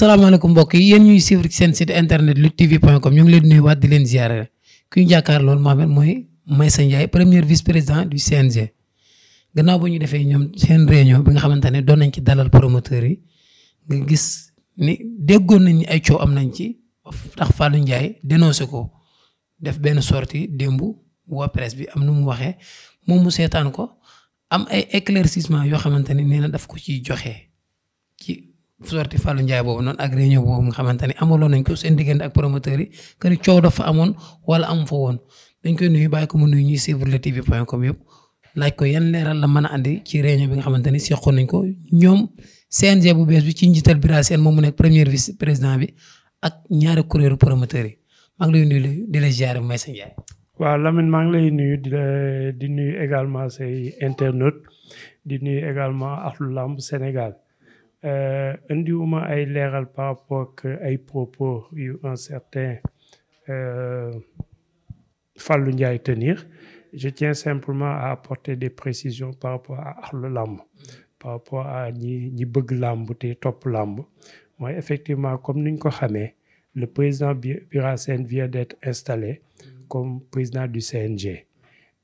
salaamaaleykum mbokk yi yéen ñuy suivre ci seen site internet Lutte TV point com ñu ngi leen nuyu waat di leen ziare ku ñu jàkkaar loolu Mohamed mooy Maysa Ndiaye première vice président du CNG. gannaaw ba ñu defee ñoom seen réunion bi nga xamante ne doon nañ ci dalal promoteur yi nga gis ni déggoon nañ ay coow am nañ ci ndax Fallou Ndiaye dénoncé ko def benn sorti démb waa presse bi am nu mu waxee moom mu seetaan ko am ay éclaircissement yoo xamante ne nee na daf ko ciy joxe. sorti Fallou Ndiaye boobu noonu ak réunion boobu nga xamante ne amaloon nañ ko seen diggante ak promoteurs yi que ni coow dafa amoon wala amu fa woon dañ koy nuyu bàyyi ko mu nuyu ñuy suivre luttetv.com yëpp laaj ko yan leeral la mën a andi ci réunion bi nga xamante ni seqoon nañ ko ñoom CNG bu bees bi ci njiital Bira Sène moom mu nekk premier vice président bi ak ñaari kuréelu promoteurs yi maa ngi lay nuyu di la ziare may sa waaw Lamine maa ngi lay nuyu di di nuyu également say internautes di nuyu également Ahlou Lamb Sénégal. Euh, indiwuma ay leeral par rapport ak ay propos yu un certain euh, fallu Ndiaye tenir je tiens simplement à apporter des précisions par rapport à ahlu làmb par rapport à ñi ñi bëgg lamb te topp lamb mooy effectivement comme niñ ko xamee le président Bira Sène vient d'être installé comme président du CNG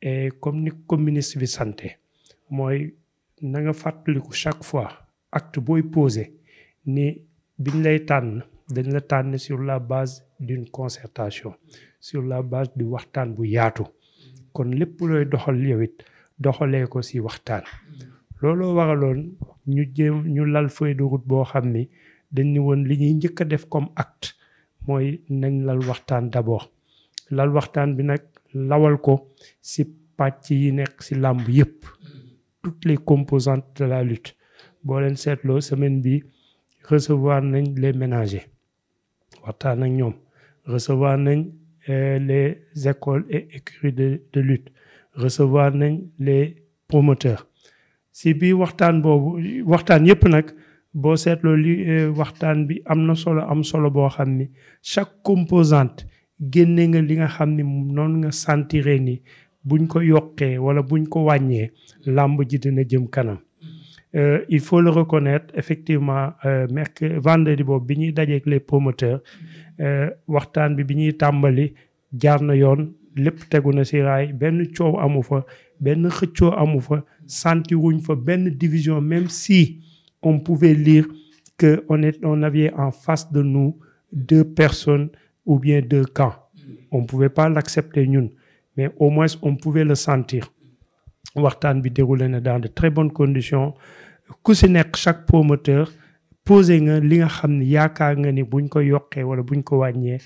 et comme ni ko ministre bi santé mooy nanga nga fàttaliku chaque fois acte booy posé ni biñ lay tànn dañ la tànn sur la base d'une concertation sur la base du waxtaan bu yaatu kon lépp looy doxal yow doxalee ko si waxtaan looloo waraloon ñu jéem ñu lal feuille dugut boo xam ni dañ ni woon li ñuy njëkk a def comme acte mooy nañ lal waxtaan d'abord lal waxtaan bi nag lawal ko ci pàcc yi nekk ci làmb yépp toutes les composantes de la lutte boo leen seetloo semaine bi recevoir nañ les ménager waxtaan ak ñoom recevoir nañ euh, les écoles et écuries de de lutte recevoir nañ les promoteurs si biir waxtaan boobu waxtaan yépp nag boo seetloo li euh, waxtaan bi am na solo am solo boo xam ni chaque composante génnee nga li nga xam ni noonu nga sentiré ni buñ ko yokkee wala buñ ko wàññee làmb ji na jëm kanam euh, il faut le reconnaître effectivement euh, merc vendredi boobu bi ñuy dajeek les promoteurs euh, waxtaan bi bi ñuy tàmbali jaar na yoon lépp tegu na ci raay benn coow amu fa benn xëccoo amu fa santi wuñ fa benn division même si on pouvait lire que on est on avait en face de nous deux personnes ou bien deux camps on pouvait pas l'accepter ñun mais au moins on pouvait la sentir waxtaan bi déroulé na dans de très bonnes conditions ku si nekk chaque promoteur posé nga li nga xam ne yaakaar nga ni buñ ko yokkee wala buñ ko wàññee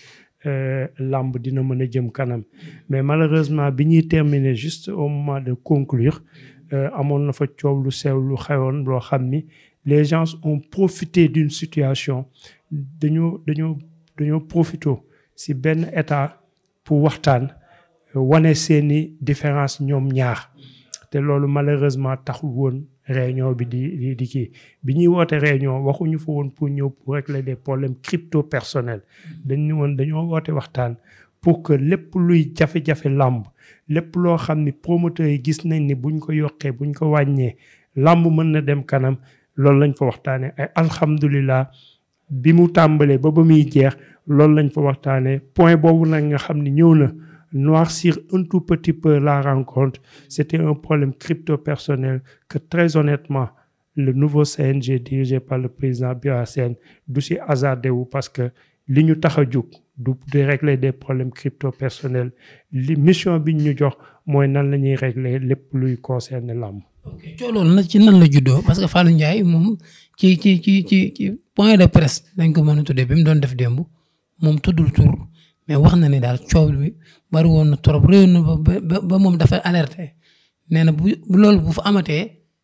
euh, làmb dina mën a jëm kanam mais malheureusement bi ñuy terminer juste au moment de conclure euh, amoon na fa coow lu sew lu xewoon loo xam ni les gens ont profité d'une situation dañoo dañoo dañoo profité si benn état pour waxtaan wane seeni différence ñoom ñaax te loolu malheureusement taxul woon réunion bi di di di kii bi ñuy woote réunion waxuñu fa woon pour ñëw pour régler des problèmes crypto dañ dañu woon dañoo woote waxtaan pour que lépp luy jafe-jafe làmb lépp loo xam ni promoteurs yi gis nañ ni buñ ko yokkee buñ ko wàññee làmb mën na dem kanam loolu lañ fa waxtaanee ay alhamdulilah bi mu tàmbalee ba ba muy jeex loolu lañ fa waxtaanee point boobu nag nga xam ni ñëw na. noircir un tout petit peu la rencontre. C'était un problème crypto-personnel que très honnêtement, le nouveau CNG dirigé par le président Birassène du si hasardé wu parce que li ñu tax a jóg du di régler des problèmes crypto-personnels li mission bi ñu jox mooy nan la ñuy régler lépp luy concerner làmb. ok loolu ci nan la juddoo parce que Fallou Ndiaye moom ci ci ci ci point de presse dañ ko mën a tuddee bi mu doon def démb moom tuddul tur. mais wax na ni daal coow lu bari woon na trop réewoon na ba ba moom dafa alerte nee na bu loolu bu fa amatee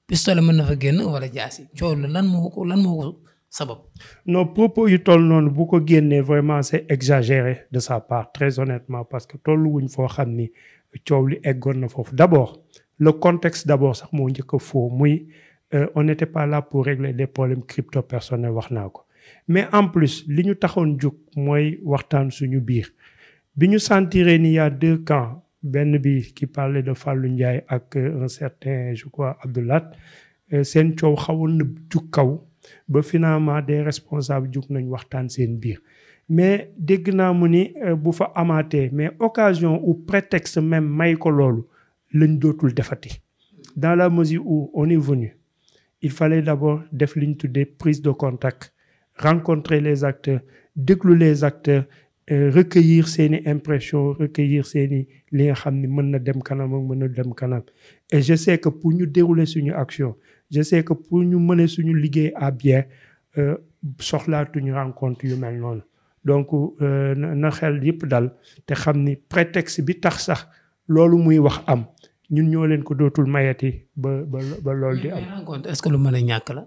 pistolet mën na fa génn wala jaasi coow la lan moo ko lan moo ko sabab. non propos yu toll noonu bu ko génnee vraiment c' est exagéré de sa part très honnêtement parce que tollu wuñ foo xam ni coow li eggoon na foofu d' abord le contexte d' abord sax moo njëkk a muy euh, on n' était pas là pour régler des problèmes crypto personnels wax naa ko. mais en plus li ñu taxoon jóg mooy waxtaan suñu biir bi ñu sentiree ni y a deux camps benn bi qui parlait de Fallou Ndiaye ak euh, un certain je crois Abdoulat euh, seen coow xawoon na jug kaw ba finalement des responsables jug nañ waxtaan seen biir mais dégg naa mu ni euh, bu fa amaatee mais occasion ou prétexte même may ko loolu lañ dootul defati dans la mesure ou on est venu il fallait d'abord def li ñu tuddee prise de contact rencontrer les acteurs déglu les acteurs euh, recueillir seeni impression recueillir seeni li nga xam ni mën na dem kanam ak mën na dem kanam et je sais que pour ñu dérouler suñu action je sais que pour ñu mëne suñu liggéey à bien euh, soxlaatuñu rencontre yu mel noonu donc euh, na xel yëpp dal te xam ni prétexte bi tax sax loolu muy wax am ñun ñoo leen ko dootul mayati ba ba ba lool di am. rencontre est-ce que lu mën a ñàkk la.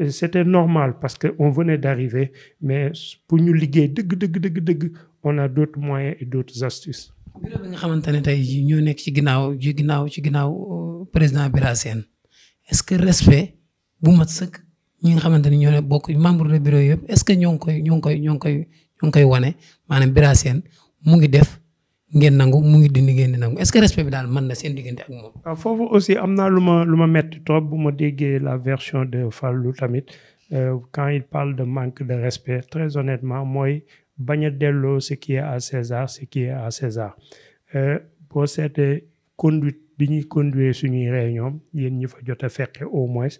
Euh, c'était normal parce que on venait d'arriver mais pour ñu liggéey dëgg dëgg dëgg dëgg on a d'autres moyens et d'autres astuces. bureau bi nga xamante ne tey jii ñoo nekk ci ginnaaw ci ginnaaw ci ginnaaw euh, président Bira Sène est-ce que respect bu mat sëkk ñi nga xamante ne ñoo ne membre de bureau yëpp est-ce que ñoo ngi koy ñoo ngi koy ñoo ngi koy ñoo ngi koy wane maanaam Bira Sène mu ngi def. ngeen nangu mu ngi dindi ngeen di nangu est-ce que respect bi daal mën na seen diggante ak moom. waaw ah, foofu aussi am naa lu ma lu ma metti trop bu ma déggee la version de Fallou tamit euh, quand il parle de manque de respect très honnêtement mooy bañ a delloo ce qui est à César ce qui est à César euh, boo seetee conduite bi ñuy conduire suñuy réunion yéen ñi fa jot a fekke au moins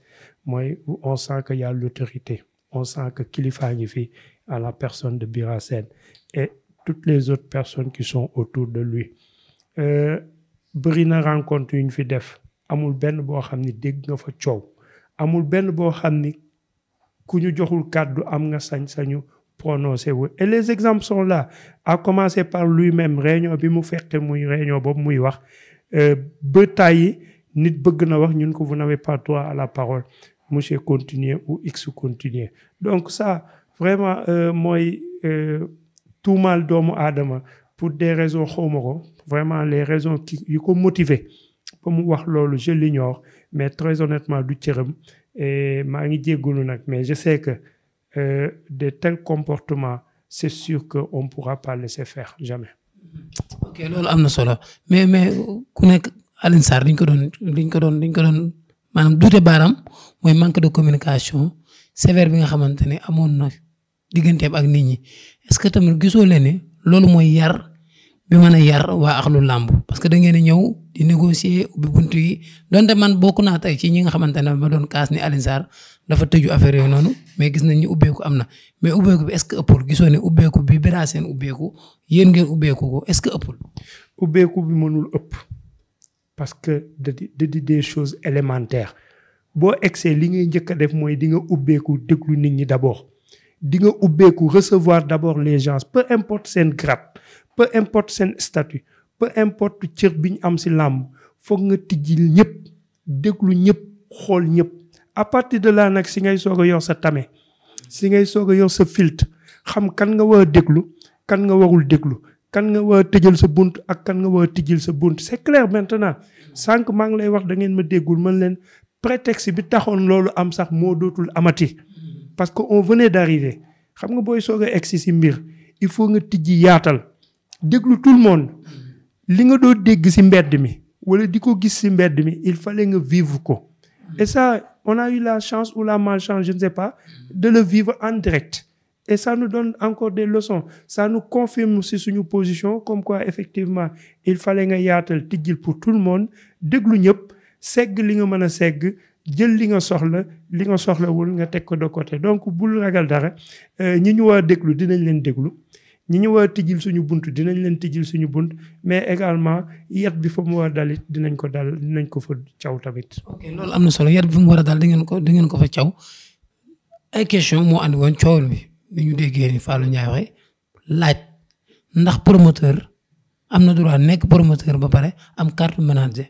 mooy on sent que y a l'autorité on sent que kilifa ngi fi à la personne de Bira Sène toutes les autres personnes qui sont autour de lui euh, bëri na rencontre yu ñu fi def amul benn boo xam ni dégg nga fa coow amul benn boo xam ni ku ñu joxul kàddu am nga sañ-sañu prononcé wu et les exemples sont là à commencer par lui-même réunion bi mu fekkee muy réunion boobu muy wax euh, ba tàyyi nit bëgg na wax ñun ko vous nawee pas droit à la parole monsieur continuer ou x continuer donc ça vraiment euh, mooy tuumaal doomu aadama pour des raisons xawma ko vraiment les raisons qui yu ko motiver ba mu wax loolu je l'ignore mais très honnêtement du cëram et maa ngi jéggalu nag mais je sais que euh, de tels comportement c'est sûr que on pourra pas laisser faire jamais. ok loolu am na solo mais mais ku nekk Alioune Sarr liñ ko doon liñ ko doon liñ ko doon maanaam duute baaraam mooy manque de communication sévère bi nga amoon na digganteem ak nit ñi est-ce que tamit gisoo leen loolu mooy yar bi mën a yar waa axlu làmb parce que da ngeen a ñëw di négocier ubbi bunt yi donte man bokk naa tey ci ñi nga xamante ne ma doon kaas ni Alioune Sarr dafa tëju affaire yooyu noonu mais gis nañ ni ubbeeku am na mais ubbeeku bi est-ce que ëppul gisoo ne ubbeeku bi Bira Sène yéen ngeen ubbeeku ko est-ce que ëppul. ubbeeku bi mënul ëpp parce que da di da di des choses boo egsee li ngay njëkk a def mooy di nga ubbeeku déglu nit ñi d'abord. di nga ubbeeku recevoir d'abord les gens peu importe seen grade peu importe seen statut peu importe cër bi ñu am si làmb foog nga tijjil ñëpp déglu ñëpp xool ñëpp à partir de là nag si ngay soog a yor sa tame si ngay soog a yor sa filtre xam kan nga war a déglu kan nga warul déglu kan nga war a sa bunt ak kan nga war a tijjil sa bunt c'est clair maintenant sànq maa ngi lay wax da ngeen ma déggul mën leen prétexte bi taxoon loolu am sax moo dootul amati parce que on venait d'arriver xam nga booy soog a egsi si mbir il faut nga tijji yaatal déglu tout le monde li nga doo dégg si mbedd mi wala di ko gis si mbedd mi il fale nga vivre ko et ça on a eu la chance ou la malchance je ne sais pas de le vivre en direct et ça nous donne encore des leçons ça nous confirme si suñu position comme quoi effectivement il fallait nga yaatal tijjil pour tout le monde déglu ñëpp segg li nga mën a segg jël li nga soxla li nga soxlawul nga teg ko de côté donc bul ragal dara euh, ñi ñu war a déglu dinañ leen déglu ñi ñu war a tijjil suñu bunt dinañ leen tijjil suñu bunt mais également yat bi foofu mu war dal dinañ ko dal dinañ ko fa caw tamit. ok loolu am na solo yat bi mu war a dal dangeen ko dangeen ko fa caw ay question moo andi woon coowal bi ni ñu déggee ni Fallou Ndiaye waxee laaj ndax promoteur am na droit nekk promoteur ba pare am carte manager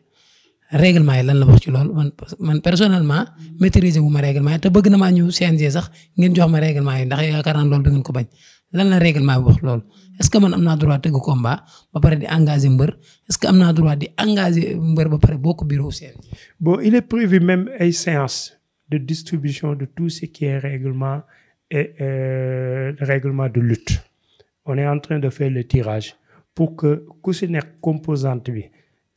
réglement yi lan la wax ci lool man man personnellement maîtriser wu ma règlement yi te bëgg na maa ñëw CNG sax ngeen jox ma règlement yi ndax yaakaar naa loolu du ngeen ko bañ lan la règlement bi wax loolu est-ce que man am naa droit tëgg combat ba pare di engager mbër est-ce que am naa droit di engager mbër ba pare bokk bureau CNG. bon il est prévu même ay séance de distribution de tout ce qui est réglement et euh, de lutte on est en train de faire le tirage pour ku si nekk composante bi.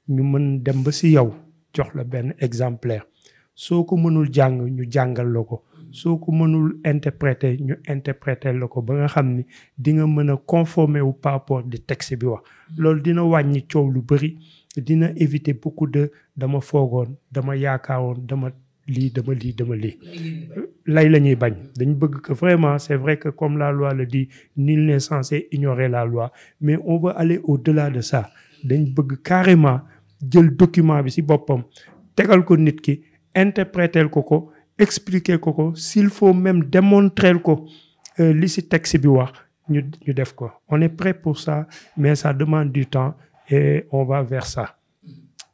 ñu mën dem ba si yow jox la benn exemplaire soo ko mënul jàng ñu jàngal la ko soo mënul interpréter ñu interpréter la ko ba nga xam ni di nga mën a conformer wu par rapport di texte bi wax loolu dina wàññi coow lu bëri dina éviter beaucoup de dama foogoon dama yaakaaroon dama lii dama lii dama lii lay la ñuy bañ dañ bëgg ko vraiment c'est vrai que comme la loi le di nul n'est censé ignorer la loi mais on veut aller au-delà de sa dañ bëgg carrément jël document bi si boppam tegal ko nit ki interpréter ko ko expliquer ko ko s'il faut même démontrer ko euh, li ci texte bi wax ñu ñu def ko on est prêt pour ça mais ça demande du temps et on va vers ça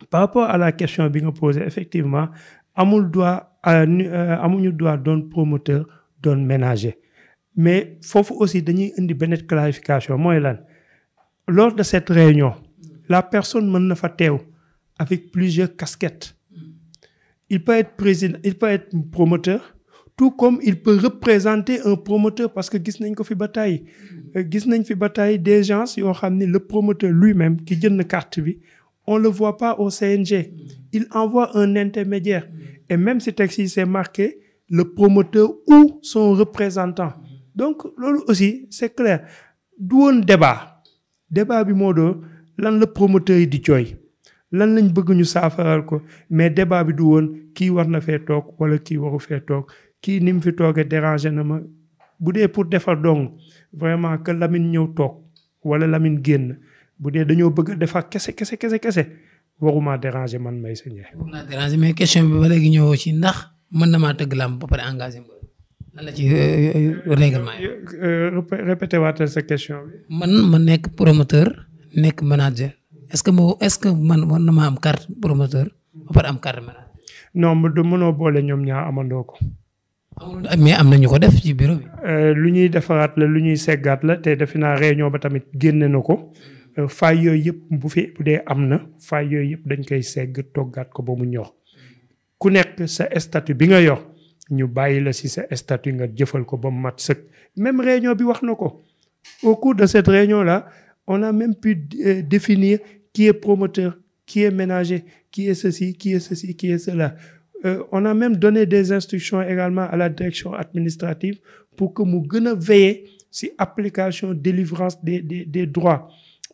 par rapport à la question bi nga posé effectivement amul droit euh, amuñu droit doon promoteur doon ménager mais foofu aussi dañuy indi benn clarification mooy lan lors de cette réunion la personne mën na fa teew avec plusieurs casquettes. Il peut être président, il peut être promoteur, tout comme il peut représenter un promoteur parce que gis nañ ko fi bataille gis nañ fi bataille des gens yoo xam ni le promoteur lui-même ki jënd carte bi on le voit pas au CNG il envoie un intermédiaire et même si texte yi c'est marqué le promoteur ou son représentant donc loolu aussi c'est clair du woon débat débat bi moo doon lan la promoteur yi di jooy lan lañ bëgg ñu saafaral ko mais débat bi du woon kii war na fee toog wala kii waru fee toog kii ni mu fi toogee déranger na ma bu dee pour defar dong vraiment que Lamine ñëw toog wala Lamine génn bu dee dañoo bëgg a defar kese kese kese kese waruma déranger man may sa njëriñ. mais question bi ba léegi ñëwoo ci ndax mën na maa tëgg làmb ba pare engagé ma lan la ci euh, euh, euh, règlement yi. répété waatal sa question bi. man ma nekk promoteur nekk manager. est-ce que moo est-ce que man war na ma am carte promoteur ba pare am carte manager. non du mënoo boole ñoom ñaa amandoo ko. mais am na ñu ko def ci bureau bi. Euh, lu ñuy defaraat la lu ñuy seggaat la te defe naa réunion ba tamit génne na ko euh, faay yooyu yëpp bu fi bu dee am na faay yooyu yëpp dañ koy segg toggaat ko ba mu ñor ku nekk sa statu bi nga yor ñu bàyyi la si sa statut nga jëfal ko ba mu mat sëkk. même réunion bi wax na ko au cours de cette réunion là qui est promoteur, qui est ménager, qui est ceci, qui est ceci, qui est cela. Euh, on a même donné des instructions également à la direction administrative pour que mu gën a si application délivrance des des des droits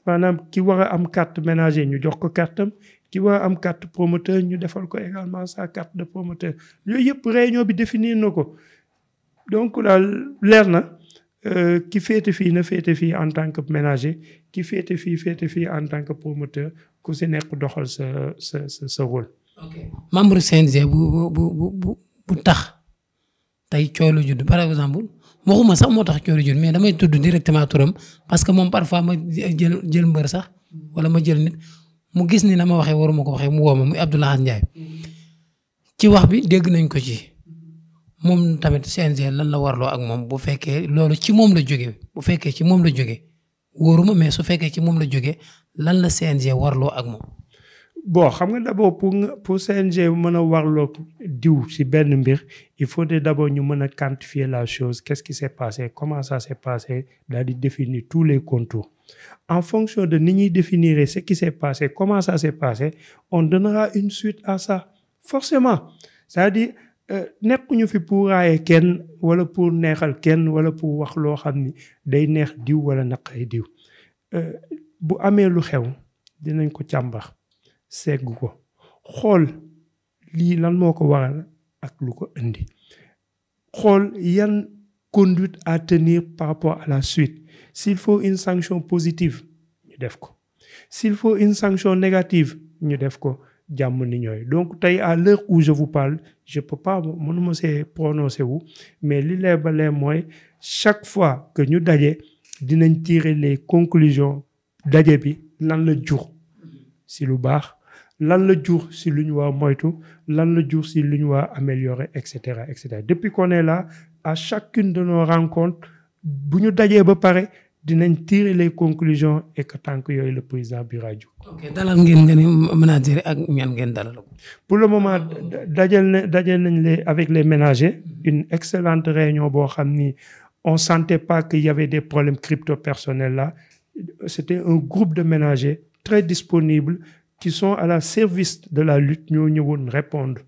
maanaam ki war am carte ménager ñu jox ko cartam ki war a am carte promoteur ñu defal ko également sa carte de promoteur yooyu yëpp réunion bi définir na ko donc daal leer na. Euh, ki féete fii na féete fii en tant que ménager ki féete fii féete fii en tant que promoteur ku si nekk doxal sa sa sa sa rôle. ok membre bu bu bu bu tax tey coow lu judd par exemple waxuma sax moo tax coow lu judd mais damay tudd directement turam parce que moom parfois ma jël jël mbër sax wala ma jël nit mu gis ni na ma waxee waruma ko waxee mu woo ma muy Abdoulaye Ndiaye mm-hmm. ci wax bi dégg nañ ko ci. moom tamit CNG lan la warloo ak moom bu fekkee loolu ci moom la jóge bu fekkee ci moom la joge wóoruma mais su fekkee ci moom la joge lan la CNG warloo ak moom. bon xam nga d'abord pour pour CNG mën a warloo diw si benn mbir il faut d'abord ñu mën a quantifier la chose qu'est-ce qui s'est passé comment ça s'est passé daal di définir tous les contours. en fonction de ni ñuy définir ce qui s'est passé comment ça s'est passé on donnera une suite à ça forcément cest Euh, nekkuñu fi pour kenn wala pour neexal kenn wala pour wax loo xam ni day neex diw wala naqay diw euh, bu amee lu xew dinañ ko càmbax segg ko xool lii lan moo ko waral ak lu ko indi xool yan conduite à tenir par rapport à la suite s'il faut une sanction positive ñu def ko s'il faut une sanction négative ñu def ko jàmm ni ñooy donc tey à l'heure où je vous parle je peux pas mënuma see prononcer wu mais li lee ba lee mooy chaque fois que ñu daje dinañ tiire les conclusions daje bi lan la jur si lu baax lan la jur si lu ñu waa moytu lan la jur si lu ñu waa améliorer et cetera et cetera depuis qu'on est là à chacune de nos rencontres bu ñu dajee ba pare dinañ tirer les conclusions et que tànk yooyu le président Bira Diouf. ok dalal ngeen ngeen ménagères ak ñan ngeen dalal. pour le moment dajal na dajal nañ les avec les ménagères une excellente réunion boo xam ni on sentait pas qu'il y avait des problèmes crypto personnels là c'était un groupe de ménagères très disponibles qui sont à la service de la lutte ñoo ñëwoon réponde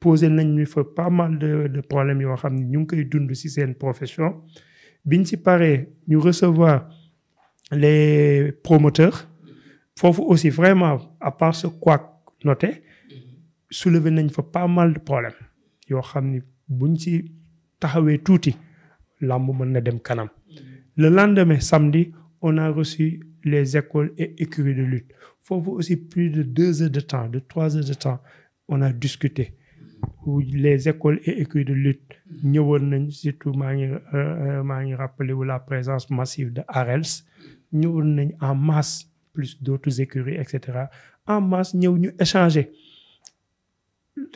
poser nañ ñu fa pas mal de de problèmes yoo xam ni ñu ngi koy dund ci seen profession. biñ ci paree ñu recevoir les promoteurs foofu aussi vraiment à part ce couac noté soulever nañ fa pas mal de problèmes yoo xam ni buñ ci taxawee tuuti làmb mën na dem kanam le lendemain samedi on a reçu les écoles et écuries de lutte foofu aussi plus de deux heures de temps de trois heures de temps on a discuté où les écoles et écuries de lutte ñëwoon nañ surtout maa ngi euh, euh, maa ngi rappelé wu la présence massive de ARELS ñëwoon nañ en masse plus d'autres écuries et cetera en masse ñëw ñu échanger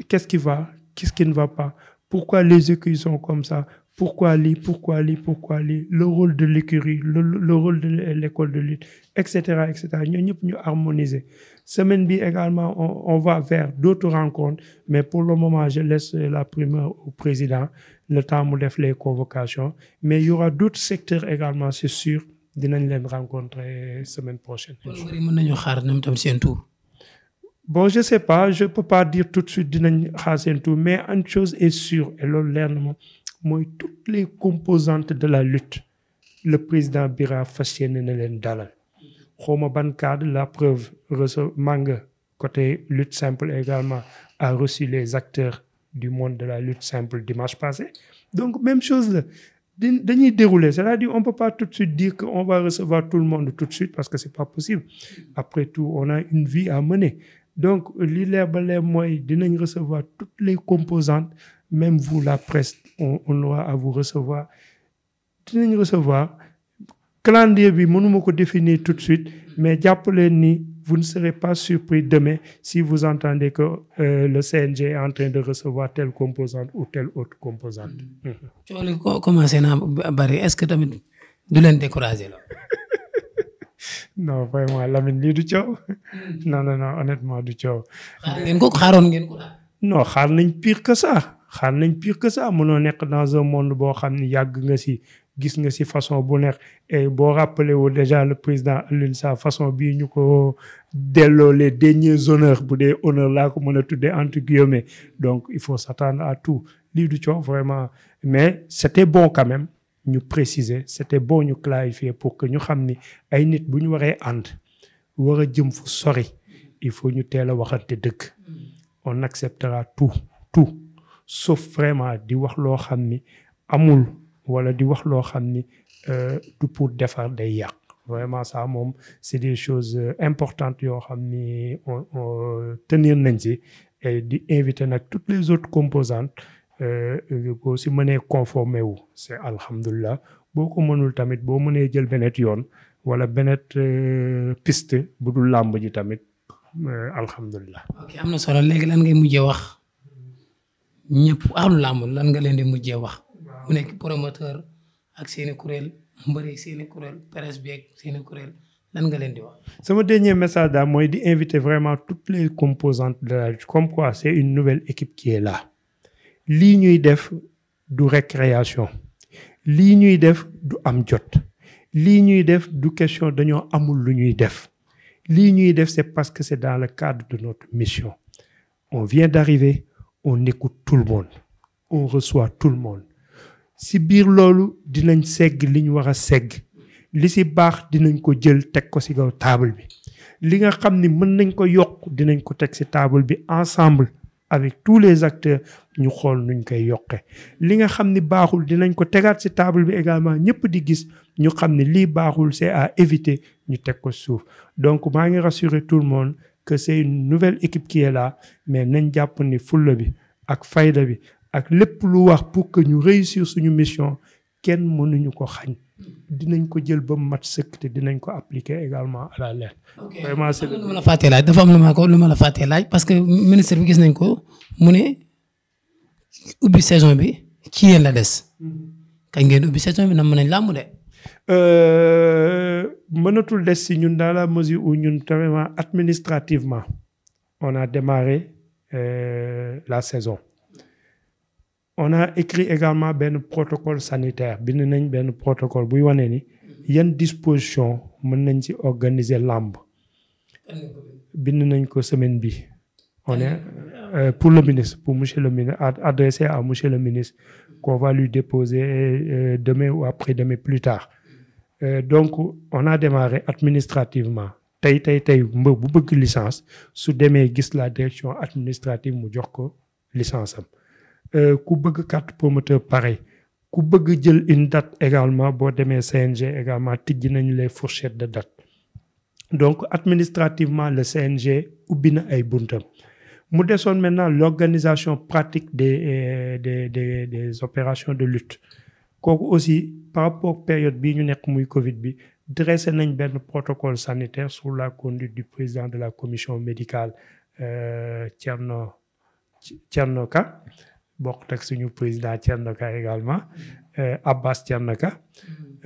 qu'est-ce qui va qu'est-ce qui ne va pas pourquoi les écuries sont comme ça pourquoi lii pourquoi lii pourquoi lii le rôle de l'écurie le, le rôle de l'école de lutte et cetera ño cetera ñoo ñëpp ñu harmoniser semaine bi également on, on va vers d'autres rencontres mais pour le moment je laisse la primeur au président le temps mu def les convocations mais il y aura d'autres secteurs également c'est sûr dinañ leen rencontrer semaine prochaine. mën nañu xaar ñoom tam seen tour. bon je sais pas je peux pas dire tout de suite dinañ xaar seen tour mais une chose est sûre et loolu leer na moom mooy toutes les composantes de la lutte le président Bira fas ne na leen dalal xawma ban cadre la preuve rece Manga côté lutte simple également à reçu les acteurs du monde de la lutte simple dimanche passé donc même chose la dañuy dérouler c'est-à-dire on peut pas tout de suite dire que on va recevoir tout le monde tout de suite parce que c'est pas possible après tout on a une vie à mener donc li leer ba leer mooy dinañ recevoir toutes les composantes même vous, la presse, on, on aura à vous recevoir. dinañ recevoir calendrier bi mënuma ko définir tout de suite mais jàpp leen ni vous ne serez pas surpris demain si vous entendez que euh, le CNG est en train de recevoir telle composante ou telle autre composante. cooli commencé naa bari est-ce que tamit du leen décourager la. non vraiment Lamine lii du coow hmm. non non honnêtement du coow. ngeen ko xaaroon ngeen ko. non xaar nañ pire que ça. xaar nañ pire que ça noo nekk dans un monde boo xam ne yàgg nga si gis nga si façon bu neex et boo rappelé wu déjà le président Alioune Sarr façon bii ñu ko delloo les derniers honneurs bu dee honneur laa ko mën a tuddee entre guillemets donc il faut s'attendre à tout lii du coow vraiment mais c'était bon quand ñu préciser c'était bon ñu clarifier pour que ñu xam ni ay nit bu ñu waree ànd war a jëm fu sori il faut ñu teel a waxante dëgg on acceptera tout tout sauf vraiment di wax loo xam ni amul wala di wax loo xam ni euh, du pour defar day yàq vraiment ça moom c'est des chose euh, importantes yoo xam ni on tenir nañ ci di invité nag toutes les autres composantes boo euh, si mënee conformer wu c'est alhamdulilah boo ko mënul tamit boo mënee jël beneen yoon wala beneen piste bu dul làmb ji tamit alhamdulilah. ñëpp ahlu làmb lan nga leen di mujjee wax. mu nekk promoteur ak seeni kuréel mbëri seeni kuréel presse bi ak seeni kuréel lan nga leen di wax. sama dernier message daal mooy di inviter vraiment toutes les composante de la lutte comme quoi c'est une nouvelle équipe qui est là lii ñuy def du récréation lii ñuy def du am jot lii ñuy def du question dañoo amul lu ñuy def lii ñuy def c'est parce que c'est dans le cadre de notre mission on vient d'arriver on écoute tout le monde on reçoit tout le monde si biir loolu dinañ segg li ñu war a segg li si baax dinañ ko jël teg ko si kaw table bi li nga xam ni mën nañ ko yokk dinañ ko teg si table bi ensemble avec tous les acteurs ñu xool nuñ koy yokke li nga xam ni baaxul dinañ ko tegaat si table bi également ñëpp di gis ñu xam ne lii baaxul c'est à éviter ñu teg ko suuf donc maa ngi rassurer tout le monde que c'est une nouvelle équipe qui est mais nañ jàpp ni fulla bi ak fayda bi ak lépp lu wax pour que ñu réussir suñu mission kenn mënuñu ko xañ dinañ ko jël ba mat sëkk te dinañ ko appliquer également à la lettre. vraiment c'est lu la fàttee laaj ma ko fàttee laaj parce que ministre bi gis nañ ko mu ne ubbi saison bi ci yéen la des. Mm-hmm. kañ ngeen ubbi saison bi nam nañ làmb de. Euh, mënatul des si ñun dans la mesure où ñun carrément administrativement on a démarré euh, la saison on a écrit également benn protocole sanitaire bind nañ benn protocole buy wanee ni yan disposition mën nañ ci organiser làmb bind nañ ko semaine bi on est euh, pour le ministre pour monsieur le ministre adressé à monsieur le ministre qu'on va lui déposer euh, ou après-demain plus tard Euh, donc on a démarré administrativement tey tey tey mbër bu bëgg licence su demee gis la direction administrative mu jox ko licence am euh, ku bëgg carte promoteur pareil ku bëgg jël une date également boo demee CNG également tijji nañu les fourchettes de dat donc administrativement le CNG ubbi na ay buntam mu desoon maintenant l'organisation pratique des euh, des de des opérations de lutte kooku aussi par rapport période bii ñu nekk muy Covid bi dressé nañ benn protocole sanitaire sous la conduite du président de la commission médicale euh, Thierno Thierno Ka bokk ak suñu président Thierno Ka également euh, Abbas Thierno Ka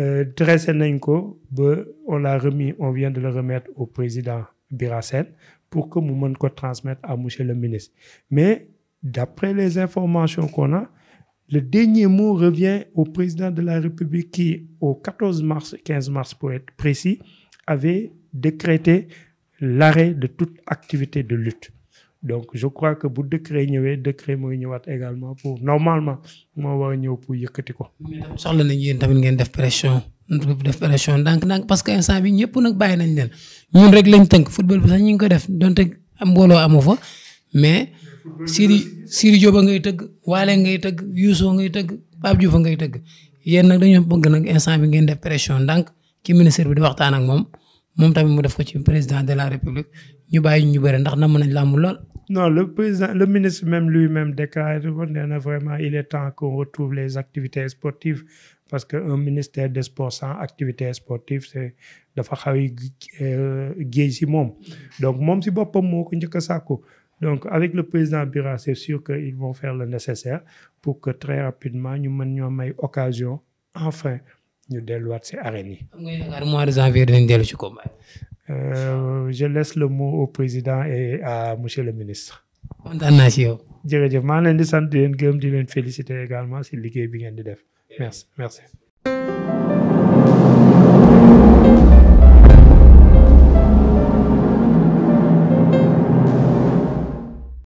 euh, dressé nañ ko ba on l'a remis on vient de le remettre au président Birasène pour que mu mën ko transmettre à monsieur le ministre mais d'après les informations kona Le dernier mot revient au président de la République qui, au 14 mars, 15 mars pour être précis, avait décrété l'arrêt de toute activité de lutte. donc je crois que bu décret ñëwee décret mooy ñëwaat également pour normalement moo war a ñëw pour yëkkati ko. soxla nañ yéen tamit ngeen def pression def pression ndànk-ndànk parce que instant bi ñëpp nag bàyyi nañ leen ñun rek lañ tënk football bi sax ñu ngi ko def donte mbooloo amu fo mais. Siri Siri Diop ngay tëgg Waale ngay tëgg Youssou ngay tëgg Pape Diouf ngay tëgg yéen nag dañoo bëgg nag instant bi ngeen def pression ndànk ki ministre bi di waxtaan ak moom moom tamit mu def ko ci président de la république ñu bàyyi ñu bëre ndax namm nañ làmb lool. non le président le ministre même lui-même déclaré nee na vraiment il est temps qu'on retrouve les activités sportives parce que un des sports sans activité sportive c'est dafa xaw a géej si moom donc moom si boppam moo ko njëkk a donc avec le président Bira c'est sûr que ils vont faire le nécessaire pour que très rapidement ñu mën ñoo may occasion enfin ñu delluwaat ci arène yi. am nga yaakaar mois de janvier dinañ dellu ci combat. Euh, je laisse le mot au président et à monsieur le ministre. kontaan naa ci yow. jërëjëf maa di sant di leen di leen féliciter également si liggéey bi ngeen di def merci.